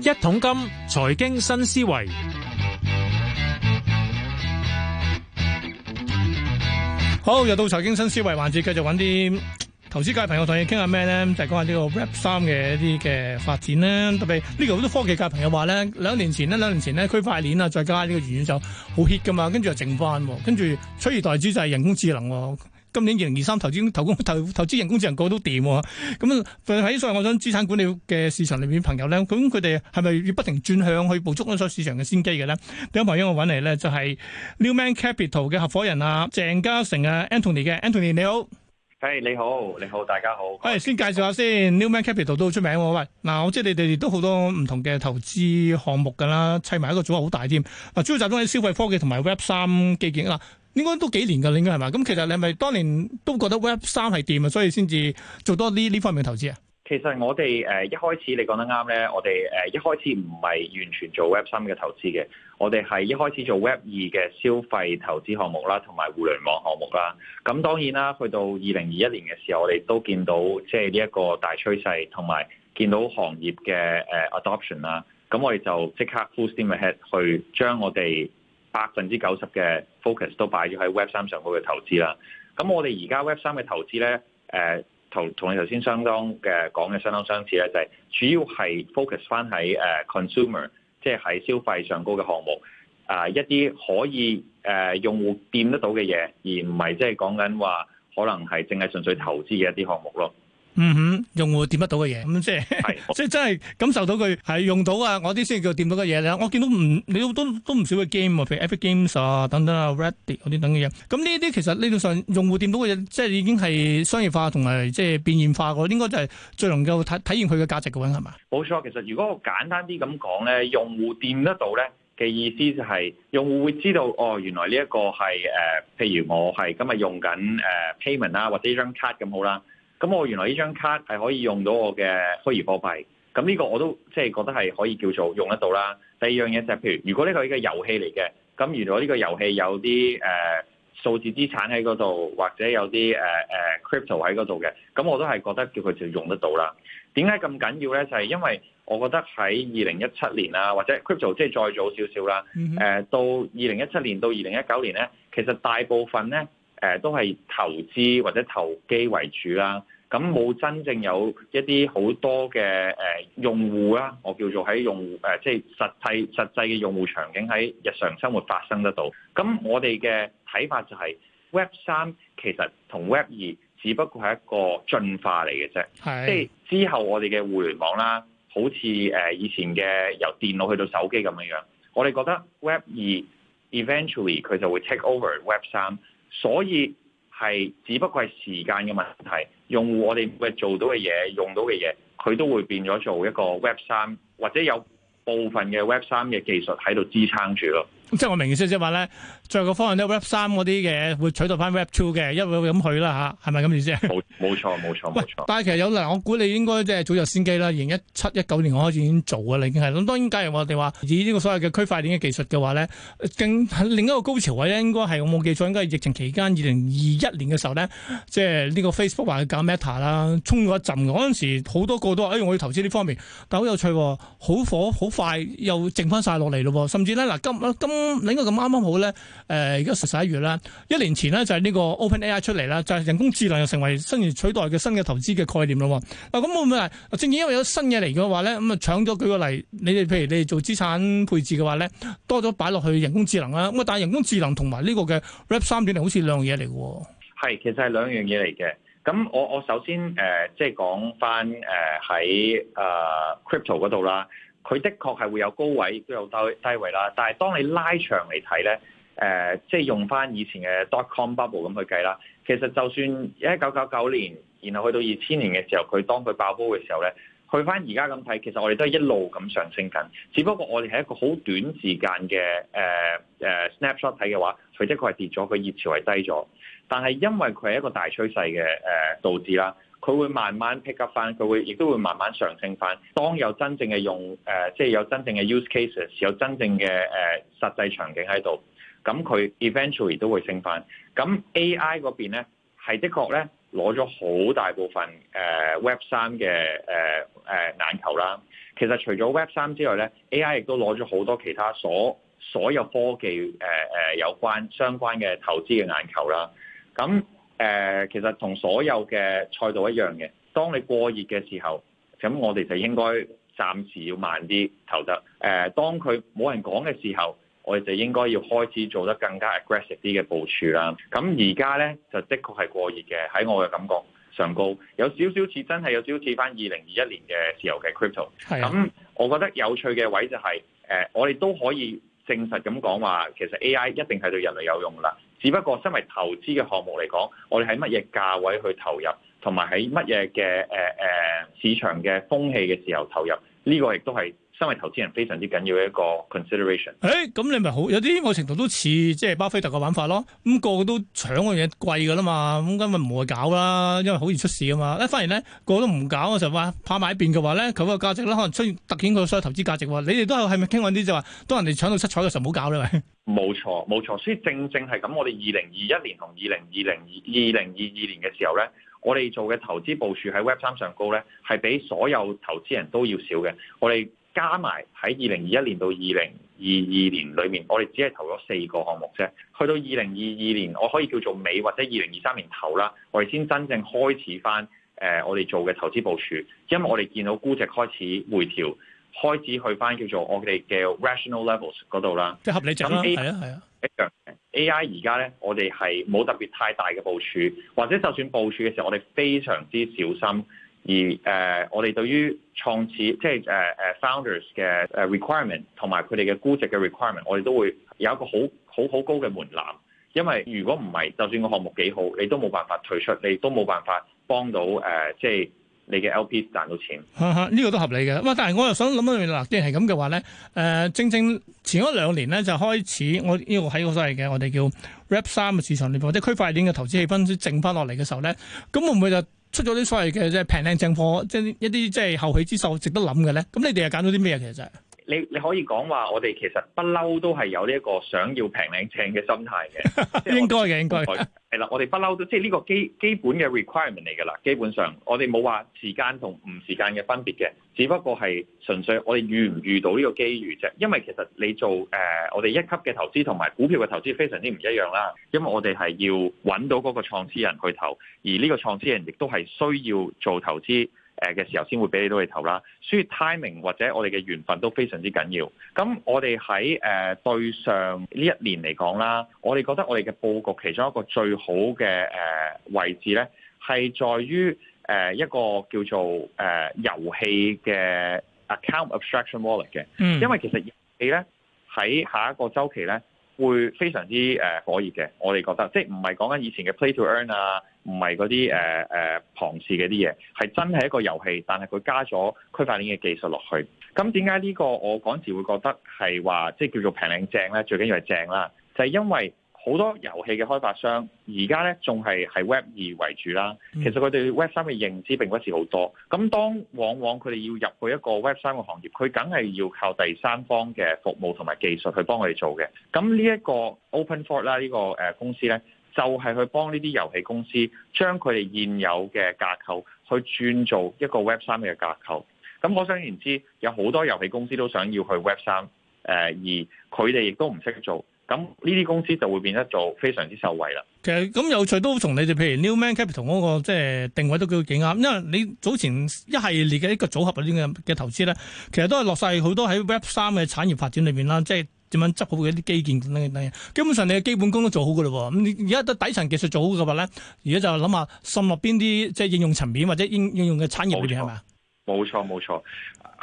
一桶金財經新思維，好，又到財經新思維環節，繼續揾啲投資界朋友同你傾下咩咧？就係講下呢個 Web 三嘅一啲嘅發展咧。特別呢個好多科技界朋友話咧，兩年前呢，兩年前咧，區塊鏈啊，再加呢個元宇宙好 hit 噶嘛，跟住又剩翻，跟住取而代之就係人工智能。今年二零二三投資投工投投資人工智能個都掂喎、啊，咁、嗯、喺所以我想資產管理嘅市場裏面朋友咧，咁佢哋係咪要不停轉向去捕捉嗰所市場嘅先機嘅咧？第一朋友我揾嚟咧就係 Newman Capital 嘅合夥人啊，鄭嘉誠啊，Antony 嘅 Antony 你好，係、hey, 你好，你好，大家好，誒先介紹下先好 Newman Capital 都好出名喎、啊，喂嗱我知你哋都好多唔同嘅投資項目噶啦，砌埋一個組合好大添，嗱主要集中喺消費科技同埋 Web 三基建啦。應該都幾年噶，應該係嘛？咁其實你係咪當年都覺得 Web 三係掂啊？所以先至做多呢呢方面嘅投資啊？其實我哋誒一開始你講得啱咧，我哋誒一開始唔係完全做 Web 三嘅投資嘅，我哋係一開始做 Web 二嘅消費投資項目啦，同埋互聯網項目啦。咁當然啦，去到二零二一年嘅時候，我哋都見到即係呢一個大趨勢，同埋見到行業嘅誒 adoption 啦。咁我哋就即刻 full steam ahead 去將我哋。百分之九十嘅 focus 都擺咗喺 Web 三上高嘅投資啦。咁我哋而家 Web 三嘅投資咧，誒同同你頭先相當嘅講嘅相當相似咧，就係、是、主要係 focus 翻喺誒 consumer，即係喺消費上高嘅項目啊、呃，一啲可以誒、呃、用戶掂得到嘅嘢，而唔係即係講緊話可能係淨係純粹投資嘅一啲項目咯。嗯哼，用戶掂得到嘅嘢，咁、嗯、即係是 即係真係感受到佢係用到啊！我啲先叫掂到嘅嘢啦。我見到唔，你都都唔少嘅 game，譬如 Epic Games 啊等等啊，Reddit 啲等嘅嘢。咁呢啲其實理論上用戶掂到嘅嘢，即係已經係商業化同埋即係變現化個，應該就係最能夠體體驗佢嘅價值嘅，係嘛？冇錯，其實如果我簡單啲咁講咧，用戶掂得到咧嘅意思就係、是、用戶會知道哦，原來呢一個係誒、呃，譬如我係今日用緊誒 payment 啊，或者一張 card 咁好啦。咁我原來呢張卡係可以用到我嘅虛擬貨幣，咁呢個我都即係覺得係可以叫做用得到啦。第二樣嘢就係，譬如如果呢個係一個遊戲嚟嘅，咁原果原來呢個遊戲有啲誒數字資產喺嗰度，或者有啲誒誒 crypto 喺嗰度嘅，咁我都係覺得叫佢就用得到啦。點解咁緊要咧？就係因為我覺得喺二零一七年啦，或者 crypto 即係再早少少啦，誒到二零一七年到二零一九年咧，其實大部分咧。誒都係投資或者投機為主啦，咁冇真正有一啲好多嘅誒用戶啦。我叫做喺用戶誒，即係實際實際嘅用戶場景喺日常生活發生得到。咁我哋嘅睇法就係、是、Web 三其實同 Web 二只不過係一個進化嚟嘅啫，是即係之後我哋嘅互聯網啦，好似誒以前嘅由電腦去到手機咁樣樣。我哋覺得 Web 二 eventually 佢就會 take over Web 三。所以係，只不過係時間嘅問題。用戶我哋每日做到嘅嘢，用到嘅嘢，佢都會變咗做一個 Web 3，或者有部分嘅 Web 3嘅技術喺度支撐住咯。即係我明意思即係話咧，最後個方向咧，Web 三嗰啲嘅會取代翻 Web 2嘅，一路咁去啦吓，係咪咁意思？冇冇錯冇錯冇錯。錯 但係其實有嗱，我估你應該即係早有先機啦。二零一七、一九年我開始已經做㗎啦，已經係咁。當然，假如我哋話以呢個所謂嘅區塊鏈嘅技術嘅話咧，更另一個高潮位咧，應該係我冇記錯，應該係疫情期間二零二一年嘅時候咧，即係呢個 Facebook 話佢搞 Meta 啦，衝咗一陣。嗰陣時好多個都話：哎，我要投資呢方面。但好有趣、哦，好火好快，又剩翻晒落嚟咯。甚至咧，嗱今今。今今咁你應該咁啱啱好咧？誒、呃，而家十一月啦，一年前咧就係呢個 OpenAI 出嚟啦，就係、是、人工智能又成為新年取代嘅新嘅投資嘅概念啦。啊，咁會唔會係正因為有新嘢嚟嘅話咧，咁啊搶咗舉個例。你哋譬如你哋做資產配置嘅話咧，多咗擺落去人工智能啦。咁啊，但係人工智能同埋呢個嘅 Web 三點零好似兩樣嘢嚟嘅。係，其實係兩樣嘢嚟嘅。咁我我首先誒，即、呃、係、就是、講翻誒喺、呃、啊、呃、crypto 嗰度啦。佢的確係會有高位，都有低低位啦。但係當你拉長嚟睇咧，誒、呃，即係用翻以前嘅 dotcom bubble 咁去計啦。其實就算一九九九年，然後去到二千年嘅時候，佢當佢爆煲嘅時候咧，去翻而家咁睇，其實我哋都係一路咁上升緊。只不過我哋係一個好短時間嘅誒誒 snapshot 睇嘅話，佢的確係跌咗，佢熱潮係低咗。但係因為佢係一個大趨勢嘅誒、呃、導致啦。佢會慢慢 pick up 翻，佢會亦都會慢慢上升翻。當有真正嘅用，誒、呃，即、就、係、是、有真正嘅 use cases，有真正嘅誒、呃、實際場景喺度，咁佢 eventually 都會升翻。咁 AI 嗰邊咧，係的確咧攞咗好大部分誒、呃、Web 三嘅誒誒眼球啦。其實除咗 Web 三之外咧，AI 亦都攞咗好多其他所所有科技誒誒、呃、有關相關嘅投資嘅眼球啦。咁誒、呃，其實同所有嘅賽道一樣嘅，當你過熱嘅時候，咁我哋就應該暫時要慢啲投得。誒、呃，當佢冇人講嘅時候，我哋就應該要開始做得更加 aggressive 啲嘅部署啦。咁而家呢，就的確係過熱嘅，喺我嘅感覺上高，有少少似真係有少少似翻二零二一年嘅時候嘅 crypto。係、啊。咁我覺得有趣嘅位就係、是，誒、呃，我哋都可以。正實咁講話，其實 AI 一定係對人類有用㗎啦。只不過，身為投資嘅項目嚟講，我哋喺乜嘢價位去投入，同埋喺乜嘢嘅誒誒市場嘅風氣嘅時候投入，呢個亦都係，身為投資人非常之緊要嘅一個 consideration。誒、欸，咁你咪好有啲某程度都似即係巴菲特嘅玩法咯。咁個個都搶嗰嘢貴嘅啦嘛，咁咁咪唔會搞啦，因為好易出事啊嘛。一反而咧個個都唔搞嘅時候，話怕買邊嘅話咧，咁個價值咧可能出現突顯所有投資價值喎。你哋都係係咪傾緊啲就話當人哋搶到七彩嘅時候唔好搞啦？咪 冇錯冇錯，所以正正係咁。我哋二零二一年同二零二零二零二二年嘅時候咧，我哋做嘅投資部署喺 Web 三上高咧，係比所有投資人都要少嘅。我哋。加埋喺二零二一年到二零二二年裏面，我哋只係投咗四個項目啫。去到二零二二年，我可以叫做尾或者二零二三年頭啦，我哋先真正開始翻誒我哋做嘅投資部署，因為我哋見到估值開始回調，開始去翻叫做我哋嘅 rational levels 嗰度啦，即係合理值啦，係啊係啊，A I 而家呢，啊、我哋係冇特別太大嘅部署，或者就算部署嘅時候，我哋非常之小心。而誒、呃，我哋對於創始即係誒誒、呃、founders 嘅誒 requirement 同埋佢哋嘅估值嘅 requirement，我哋都會有一個好好好高嘅門檻，因為如果唔係，就算個項目幾好，你都冇辦法退出，你都冇辦法幫到誒、呃，即係。你嘅 LP 賺到錢，呢、這個都合理嘅。哇！但係我又想諗一諗啦，即係係咁嘅話咧，誒、呃，正正前嗰兩年咧就開始，我呢、這個喺個所謂嘅我哋叫 Web 三嘅市場裏邊或者區塊鏈嘅投資氣氛都靜返落嚟嘅時候咧，咁會唔會就出咗啲所謂嘅即係平靚正貨，即、就、係、是、一啲即係後起之秀值得諗嘅咧？咁你哋又揀到啲咩其實、就是？你你可以講話，我哋其實不嬲都係有呢一個想要平靚正嘅心態嘅， 應該嘅，應該係啦。我哋不嬲都即係呢個基基本嘅 requirement 嚟噶啦。基本上，我哋冇話時間同唔時間嘅分別嘅，只不過係純粹我哋遇唔遇到呢個機遇啫。因為其實你做誒、呃、我哋一級嘅投資同埋股票嘅投資非常之唔一樣啦，因為我哋係要揾到嗰個創始人去投，而呢個創始人亦都係需要做投資。誒嘅時候先會俾你到去投啦，所以 timing 或者我哋嘅緣分都非常之緊要。咁我哋喺誒對上呢一年嚟講啦，我哋覺得我哋嘅佈局其中一個最好嘅誒、呃、位置呢，係在於誒、呃、一個叫做誒、呃、遊戲嘅 account abstraction wallet 嘅，因為其實遊戲呢，喺下一個週期呢，會非常之誒火熱嘅，我哋覺得，即係唔係講緊以前嘅 play to earn 啊，唔係嗰啲誒誒龐氏嘅啲嘢，係、呃呃、真係一個遊戲，但係佢加咗區塊鏈嘅技術落去。咁點解呢個我陣時會覺得係話即係叫做平靚正咧？最緊要係正啦，就係、是、因為。好多遊戲嘅開發商而家咧仲係係 Web 二為主啦，其實佢對 Web 三嘅認知並不是好多。咁當往往佢哋要入去一個 Web 三嘅行業，佢梗係要靠第三方嘅服務同埋技術去幫佢哋做嘅。咁呢一個 Open Fort 啦，呢個誒公司咧，就係去幫呢啲遊戲公司將佢哋現有嘅架構去轉做一個 Web 三嘅架構。咁可想而知，有好多遊戲公司都想要去 Web 三誒，而佢哋亦都唔識做。咁呢啲公司就會變得做非常之受惠啦。其實咁有趣都好，同你哋，譬如 Newman Capital 嗰、那個即係、就是、定位都叫幾啱，因為你早前一系列嘅一個組合嗰啲嘅嘅投資咧，其實都係落晒好多喺 Web 三嘅產業發展裏面啦。即係點樣執好嗰啲基建等等，基本上你嘅基本功都做好嘅嘞。咁你而家都底層技術做好嘅話咧，而家就諗下滲入邊啲即係應用層面或者應應用嘅產業裏邊係嘛？冇錯冇錯，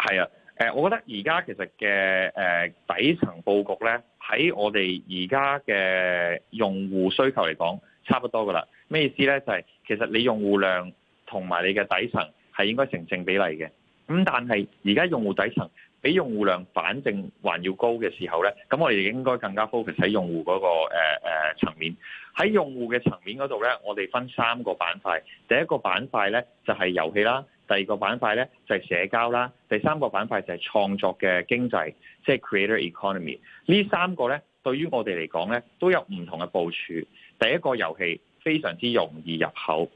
係啊。誒，我覺得而家其實嘅誒、呃、底層佈局咧，喺我哋而家嘅用戶需求嚟講，差不多㗎喇。咩意思咧？就係、是、其實你用戶量同埋你嘅底層係應該成正比例嘅。咁但係而家用戶底層比用戶量反正還要高嘅時候咧，咁我哋應該更加 focus 喺用戶嗰、那個誒誒層面。喺用戶嘅層面嗰度咧，我哋分三個板塊。第一個板塊咧就係遊戲啦。第二個板塊咧就係、是、社交啦，第三個板塊就係創作嘅經濟，即、就、係、是、creator economy。呢三個咧對於我哋嚟講咧都有唔同嘅部署。第一個遊戲非常之容易入口，誒、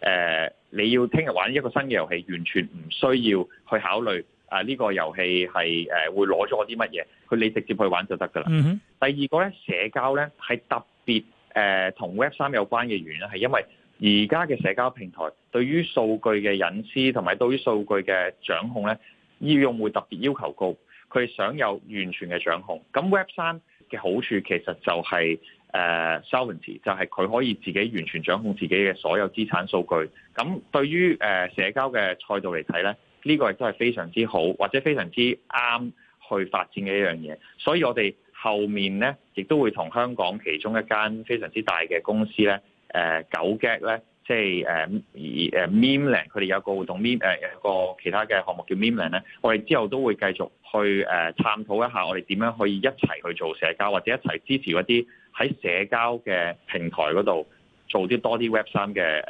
呃、你要聽日玩一個新嘅遊戲，完全唔需要去考慮啊呢個遊戲係誒會攞咗啲乜嘢，佢你直接去玩就得㗎啦。Mm hmm. 第二個咧社交咧係特別誒同、呃、Web 三有關嘅原因係因為。而家嘅社交平台對於數據嘅隱私同埋對於數據嘅掌控呢，用戶會特別要求高，佢想有完全嘅掌控。咁 Web 三嘅好處其實就係、是、誒、uh, sovereignty 就係佢可以自己完全掌控自己嘅所有資產數據。咁對於誒、uh, 社交嘅賽道嚟睇呢，呢、這個亦都係非常之好或者非常之啱去發展嘅一樣嘢。所以我哋後面呢，亦都會同香港其中一間非常之大嘅公司呢。誒狗嘅咧，即係誒、呃、而誒 Meme 佢哋有個活動 M 誒有一個其他嘅項目叫 Meme 咧，我哋之後都會繼續去誒、呃、探討一下，我哋點樣可以一齊去做社交，或者一齊支持一啲喺社交嘅平台嗰度做啲多啲 Web 三嘅誒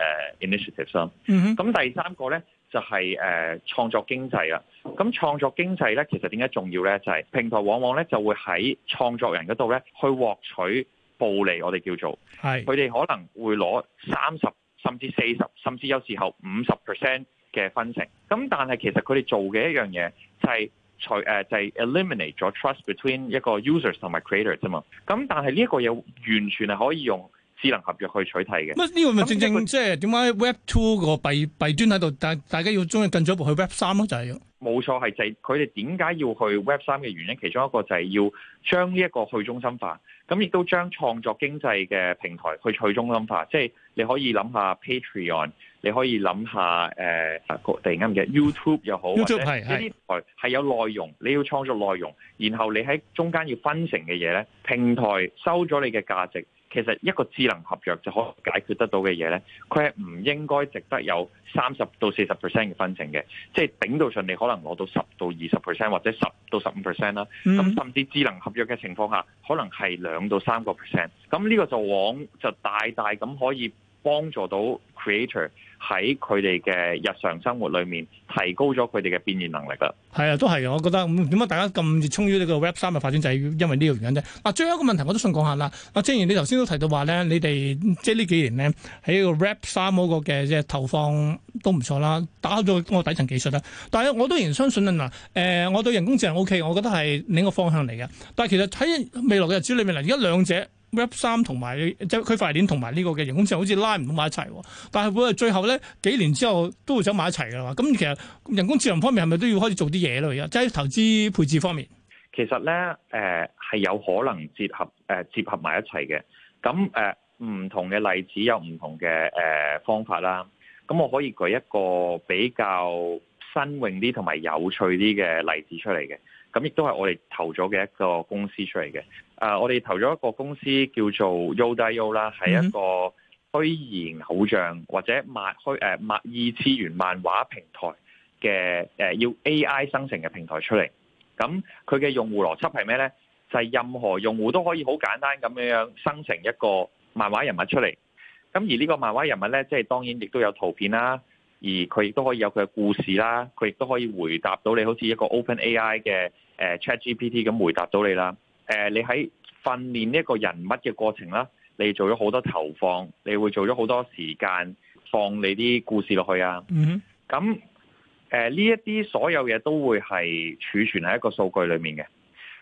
Initiative。嗯哼。咁第三個咧就係、是、誒、呃、創作經濟啦。咁創作經濟咧其實點解重要咧？就係、是、平台往往咧就會喺創作人嗰度咧去獲取暴利，我哋叫做係，佢哋可能會攞三十甚至四十，甚至有時候五十 percent 嘅分成。咁但係其實佢哋做嘅一樣嘢就係除誒就係 eliminate 咗 trust between 一個 users 同埋 creators 啫嘛。咁但係呢一個嘢完全係可以用 智能合約去取替嘅。呢個咪正正、嗯、即係點解 Web Two 個弊弊端喺度？大大家要中意近咗一步去 Web 三咯，就係冇錯，係就係佢哋點解要去 Web 三嘅原因，其中一個就係要將呢一個去中心化，咁亦都將創作經濟嘅平台去去中心化。即係，你可以諗下 Patreon，你可以諗下誒，啊、呃，定啱嘅 YouTube 又好，YouTube 係有內容，你要創作內容，然後你喺中間要分成嘅嘢咧，平台收咗你嘅價值。其實一個智能合約就可解決得到嘅嘢咧，佢係唔應該值得有三十到四十 percent 嘅分成嘅，即係頂到上你可能攞到十到二十 percent 或者十到十五 percent 啦。咁甚至智能合約嘅情況下，可能係兩到三個 percent。咁呢個就往就大大咁可以幫助到 creator。喺佢哋嘅日常生活裏面，提高咗佢哋嘅變現能力噶。係啊，都係啊，我覺得點解大家咁熱衷於呢個 Web 三嘅發展，就係、是、因為呢個原因啫。嗱、啊，最後一個問題我都想講下啦。阿、啊、正如你頭先都提到話咧，你哋即係呢幾年咧喺個 Web 三嗰個嘅即係投放都唔錯啦，打開咗個底層技術啦。但係我都仍然相信啊，誒、呃，我對人工智能 OK，我覺得係另一個方向嚟嘅。但係其實喺未來嘅日子裏面啦，而家兩者。Web 三同埋區塊鏈同埋呢個嘅人工智能好似拉唔到埋一齊，但係會最後咧幾年之後都會走埋一齊嘅嘛。咁其實人工智能方面係咪都要開始做啲嘢咯？而家即係投資配置方面，其實咧誒係有可能結合誒結、呃、合埋一齊嘅。咁誒唔同嘅例子有唔同嘅誒、呃、方法啦。咁我可以舉一個比較新穎啲同埋有趣啲嘅例子出嚟嘅。咁亦都係我哋投咗嘅一個公司出嚟嘅。誒、uh，我哋投咗一個公司叫做 Yodayo 啦，係一個虛擬偶像或者漫虛誒漫二次元漫畫平台嘅誒、呃，要 AI 生成嘅平台出嚟。咁佢嘅用戶邏輯係咩呢？就係、是、任何用戶都可以好簡單咁樣樣生成一個漫畫人物出嚟。咁而呢個漫畫人物呢，即係當然亦都有圖片啦。而佢亦都可以有佢嘅故事啦，佢亦都可以回答到你好似一個 Open AI 嘅誒 Chat GPT 咁回答到你啦。誒、呃，你喺訓練呢一個人物嘅過程啦，你做咗好多投放，你會做咗好多時間放你啲故事落去啊。嗯哼。咁誒呢一啲所有嘢都會係儲存喺一個數據裏面嘅。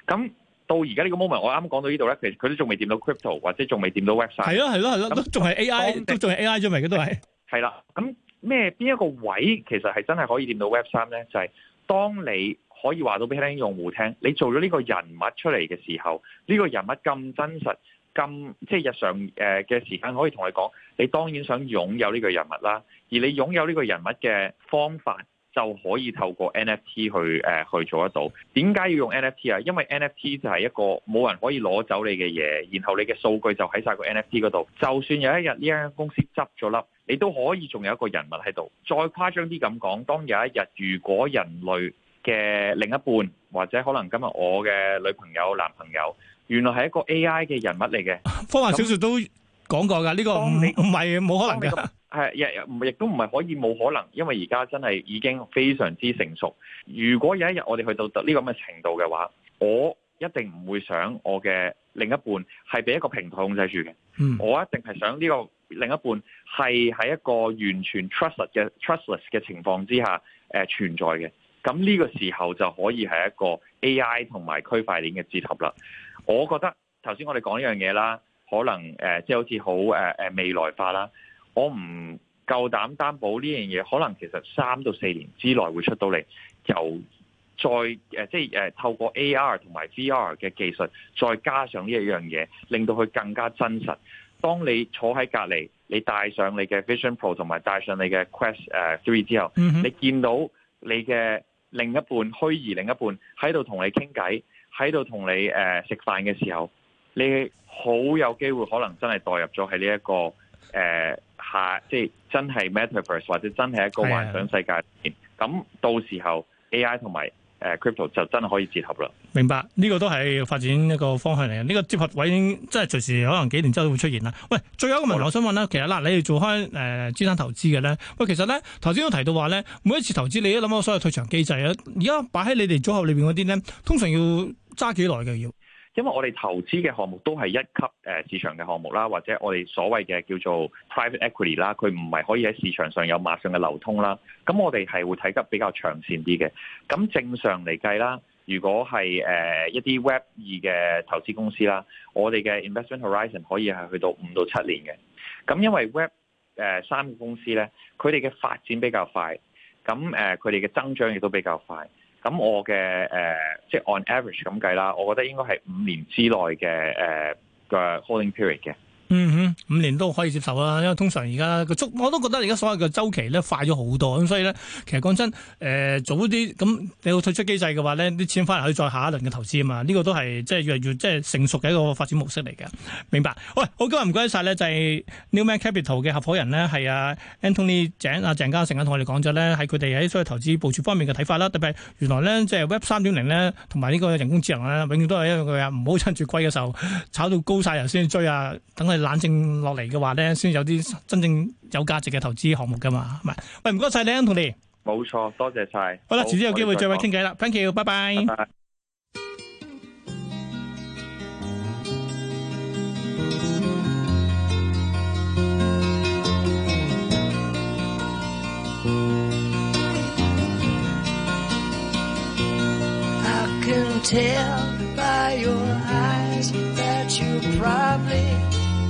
咁到而家呢個 moment，我啱啱講到呢度咧，其實佢都仲未掂到 crypto，或者仲未掂到 website。係咯，係咯、啊，係咯、啊，都仲係 AI，你都仲係 AI 咗咪都係。係、啊。啦、啊，咁、啊。咩邊一個位其實係真係可以掂到 Web 3咧？就係、係、當你可以話到俾聽用戶聽，你做咗呢個人物出嚟嘅時候，呢、呢個人物咁真實、咁即係日常誒嘅時間可以同你講，你當然想擁有呢個人物啦。而你擁有呢個人物嘅方法就可以透過 NFT 去誒、呃、去做得到。點解要用 NFT 啊？因為 NFT 就係一個冇人可以攞走你嘅嘢，然後你嘅數據就喺晒個 NFT 嗰度。就算有一日呢間公司執咗粒。你都可以仲有一個人物喺度，再誇張啲咁講，當有一日如果人類嘅另一半或者可能今日我嘅女朋友男朋友原來係一個 AI 嘅人物嚟嘅，科幻小，小，小說都說都講過噶，呢樣個唔係冇可能嘅，係亦都唔係可以冇可能，因為而家真係已經非常之成熟。如果有一日我哋去到呢個咁嘅程度嘅話，我一定唔會想我嘅另一半係俾一個平台控制住嘅，嗯、我一定係想呢、呢個。另一半係喺一個完全 trustless 嘅 trustless 嘅情況之下，誒、呃、存在嘅。咁呢個時候就可以係一個 AI 同埋區塊鏈嘅結合啦。我覺得頭先我哋講呢樣嘢啦，可能誒、呃、即係好似好誒誒未來化啦。我唔夠膽擔保呢樣嘢，可能其實三到四年之內會出到嚟，由再誒、呃、即係誒、呃、透過 AR 同埋 VR 嘅技術，再加上呢一樣嘢，令到佢更加真實。當你坐喺隔籬，你戴上你嘅 Vision Pro 同埋戴上你嘅 Quest 誒 Three 之後，嗯、哼你見到你嘅另一半虛擬另一半喺度同你傾偈，喺度同你誒食飯嘅時候，你好有機會可能真係代入咗喺呢一個誒、呃、下，即係真係 Metaverse 或者真係一個幻想世界。咁的到時候 AI 同埋。誒 crypto 就真係可以結合啦，明白呢、呢個都係發展一個方向嚟啊！呢、呢個結合位已經即係隨時可能幾年之後都會出現啦。喂，最後一個問題、哦、我想問啦，其實嗱，你哋做開誒資產投資嘅咧，喂，其實咧，頭先都提到話咧，每一次投資你都諗到所有退場機制啊。而家擺喺你哋組合裏邊嗰啲咧，通常要揸幾耐嘅要？因為我哋投資嘅項目都係一級誒市場嘅項目啦，或者我哋所謂嘅叫做 private equity 啦，佢唔係可以喺市場上有馬上嘅流通啦。咁我哋係會睇得比較長線啲嘅。咁正常嚟計啦，如果係誒一啲 Web 二嘅投資公司啦，我哋嘅 investment horizon 可以係去到五到七年嘅。咁因為 Web 誒三嘅公司咧，佢哋嘅發展比較快，咁誒佢哋嘅增長亦都比較快。咁我嘅誒、呃、即係 on average 咁計啦，我覺得應該係五年之內嘅誒嘅、呃、holding period 嘅。嗯哼，五年都可以接受啦，因為通常而家個速，我都覺得而家所有嘅周期咧快咗好多，咁所以咧，其實講真，誒、呃、早啲咁你要退出機制嘅話咧，啲錢翻嚟可以再下一輪嘅投資啊嘛，呢、這個都係即係越嚟越即係成熟嘅一個發展模式嚟嘅。明白？喂、哎，好，今日唔該晒咧，就係、是、Newman Capital 嘅合夥人咧，係啊 Anthony 鄭阿鄭嘉誠啊，同、啊啊、我哋講咗咧，係佢哋喺所謂投資部署方面嘅睇法啦。特別係原來咧，即係 Web 三點零咧，同埋呢個人工智能咧，永遠都係一樣嘅，唔好趁住貴嘅時候炒到高晒又先追啊，等。冷靜落嚟嘅話咧，先有啲真正有價值嘅投資項目噶嘛，咪喂，唔該晒你啊，同你冇錯，多謝晒。好啦，遲啲有機會再位傾偈啦，Thank you，拜拜。